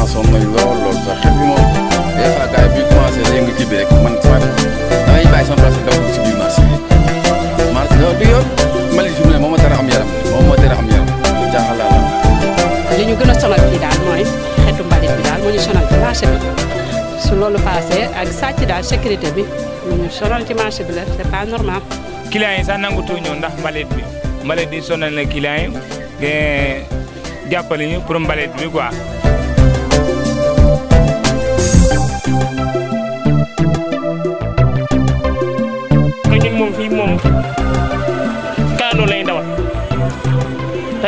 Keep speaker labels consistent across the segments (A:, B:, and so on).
A: sensoon nañ lool lool sax xel bi moom des fois gars yi bu commencé yëngu kii bi rek man far damay bàyyi sama place daw si biir marché bi marché loolu du yoon mali journée moo ma am yaram am yaram la li ñu gën a sonal fii daal mooy mbalit bi daal moo ñu sonal ci marché bi su loolu passé ak sàcc daal sécurité bi ñu sonal ci marché bi la pas normal
B: client yi sax nangutuu ñëw ndax mbalit bi mbalit yi sonal na client yi jàppale ñu pour mbalit bi quoi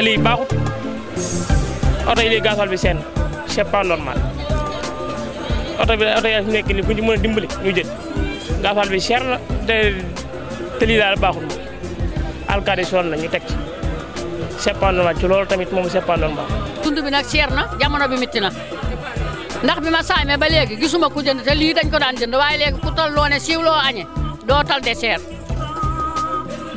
B: lii baaxut oto yi lii gasoil bi seen c'est pas normal oto bi oto yaa fi nekk nii ku ñu mën a dimbali ñu jël gasoil bi cher na te te lii daal baaxut moom alkaati sonn na ñu teg ci c'est pas tamit moom c'est pas normal.
C: dund bi nag cher na jamono bi métti ndax bi ma saamee ba léegi gisuma ku jënd te lii dañ ko daan jënd waaye léegi ku tal loo ne siiw loo añe doo tal dessert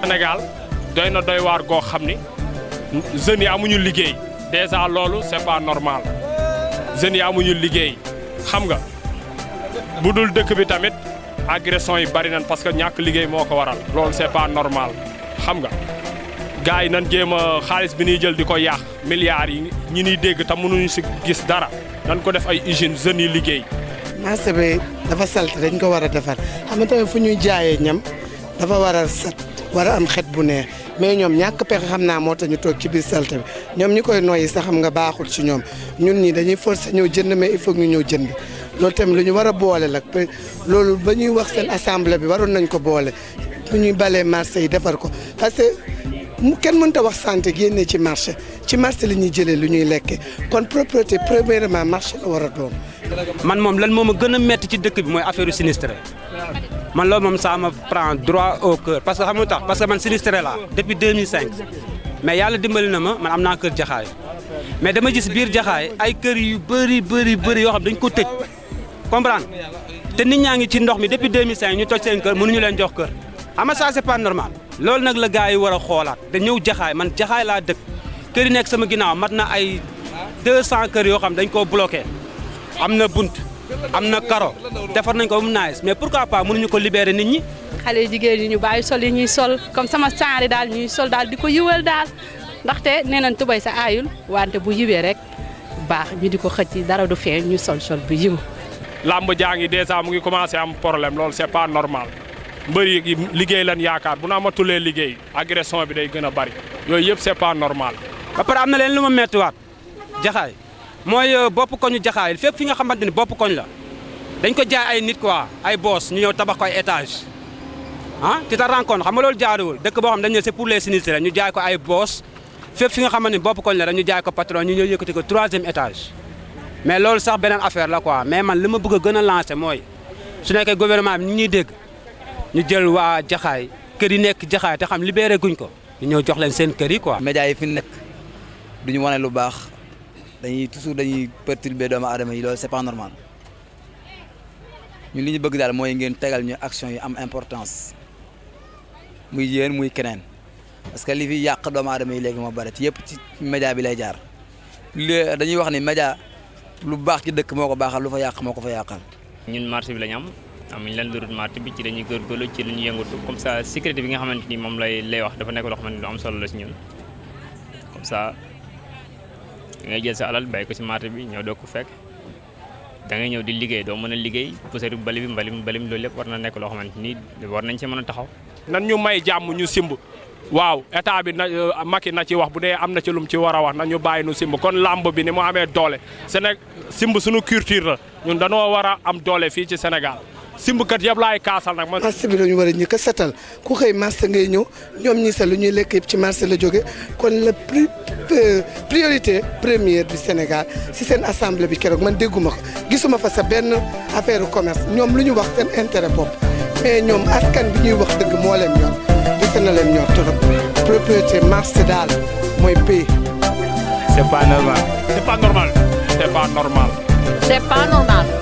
B: Sénégal doy na doy waar goo xam ni jeunes yi amuñu liggéey déjà loolu c'est pas normal jeunes yi amuñu liggéey xam nga bu dul dëkk bi tamit agression yi bari nan parce que ñàkk liggéey moo ko waral loolu c'est pas normal xam nga gars yi nan jéem a xaalis bi ñuy jël di ko yàq milliards yi ñi ñuy dégg te mënuñu si gis dara nan ko def ay usines jeunes yi liggéey.
C: marché bi dafa salte dañ ko war a defar xam nga tamit fu ñuy jaayee ñam dafa war a set war a am xet bu neex mais ñoom ñàkk pexe xam naa moo tax ñu toog ci biir salte bi ñoom ñi koy noyyi sax xam nga baaxul ci ñoom ñun ñii dañuy forcé ñëw jënd mais il faut ñu ñëw jënd loolu tamit lu ñu war a boole la loolu ba ñuy wax seen assemblée bi waroon nañ ko boole bu ñuy balee marché yi defar ko parce que kenn mënta wax gi génnee ci marché ci marché la ñuy jëlee lu ñuy lekkee kon propriété premièrement marché la war a doon.
A: man moom lan moom a gën a metti ci dëkk bi mooy affaire sinistre. man me prend droit au cœur parce que xam parce que sinistré depuis 2005 mais yàlla dimbali na ma man am naa kër mais dama gis biir jaxaay ay kër yu bëri bëri bëri yoo xam dañ ko comprendre te nit ci ndox depuis 2005 ñu toj seen kër mënuñu leen jox ça c'est pas normal loolu nag la gars yi war a xoolaat te ñëw jaxaay man jaxaay laa dëkk sama mat na 200 am na karo defar nañ ko ba mu nice mais pourquoi pas mënuñu ko libérer nit ñi. xale jigéen ñi ñu bàyyi sol yi ñuy sol comme sama saari daal ñuy sol daal
C: di ko yiwal daal ndaxte nee nañ tubay sa aayul wante bu yiwee rek baax ñu di ko xëcc dara du feeñ ñu sol sol bu yiw.
B: làmb jaa ngi dèjà mu ngi commencé am problème loolu c'est pas normal mbër yi liggéey lan yaakaar bu naa nu amatulee liggéey agression bi day gën a bari yooyu yëpp c'est pas
A: normal. ba pare am na leen lu ma méttiwaat jaxaay. mooy euh, bopp koñu jaxaay fépp fi nga xamante ni bopp koñ la dañ ko jaay ay nit quoi ay boos ñu ñëw tabax ko ay étage ah ti ta rencontre xam nga loolu jaaduwul dëkk boo xam dañ ne c'est pour les sinistrés ñu jaay ko ay boos fépp fi nga xamante bopp koñ la rek ñu jaay ko patron ñu ñëw te ko troisième étage mais loolu sax beneen affaire la quoi mais man li ma bëgg a gën a lancer mooy su nekkee gouvernement bi ni ñuy dégg ñu jël waa jaxaay kër yi nekk jaxaay te xam libéré ko ñu ñëw jox leen seen kër yi quoi médias yi fi nekk duñu wane lu baax dañuy toujours dañuy perturber doomu adama yi loolu c'est pas normal ñu li ñu bëgg daal mooy ngeen tegal ñu action yu am importance muy yéen muy keneen parce que li fi yàq doomu adama yi léegi moo bari ci yëpp ci média bi lay jaar li dañuy wax ni média lu baax ci dëkk moo ko baaxal lu fa yàq moo ko fa yàqal
B: ñun marché bi lañ am amuñ lan lurut marché bi ci dañuy góorgóorlu ci ñu yëngatu comme ça secret bi nga xamante ni moom lay lay wax dafa nekk loo xamante ni lu am solo la si ñun comme ça ngay jël sa alal bay ko ci marché bi ñëw do ko fekk da ngay ñëw di liggéey do mëna liggéey poussière balim balim balim mbalim mbalim loolu lépp war na nekk lo xamanteni ni war nañ ci mëna taxaw nan ñu may jamm ñu simbu waaw état bi na euh, na ci wax bu dee am na ci lum ci war a wax nañu bàyyi nu simb kon lamb bi ni mu amee doole Séné simb suñu culture la ñun dañoo war a am doole fii ci Sénégal simbkat yëpp laay
C: kaasal nag ma marché bi la ñu war a ñi ko setal ku xëy marché ngay ñëw ñoom ñi sa lu ñuy lekk yëpp ci marché la jóge kon la euh, priorité première du Sénégal si seen assemblée bi keroog man dégguma ko gisuma fa sa benn affaire commerce ñoom lu ñu wax seen intérêt bopp mais ñoom askan bi ñuy wax dëgg moo leen ñor gis na leen ñor trop propriété marché daal mooy pays.
A: c'est normal.
C: c'est normal.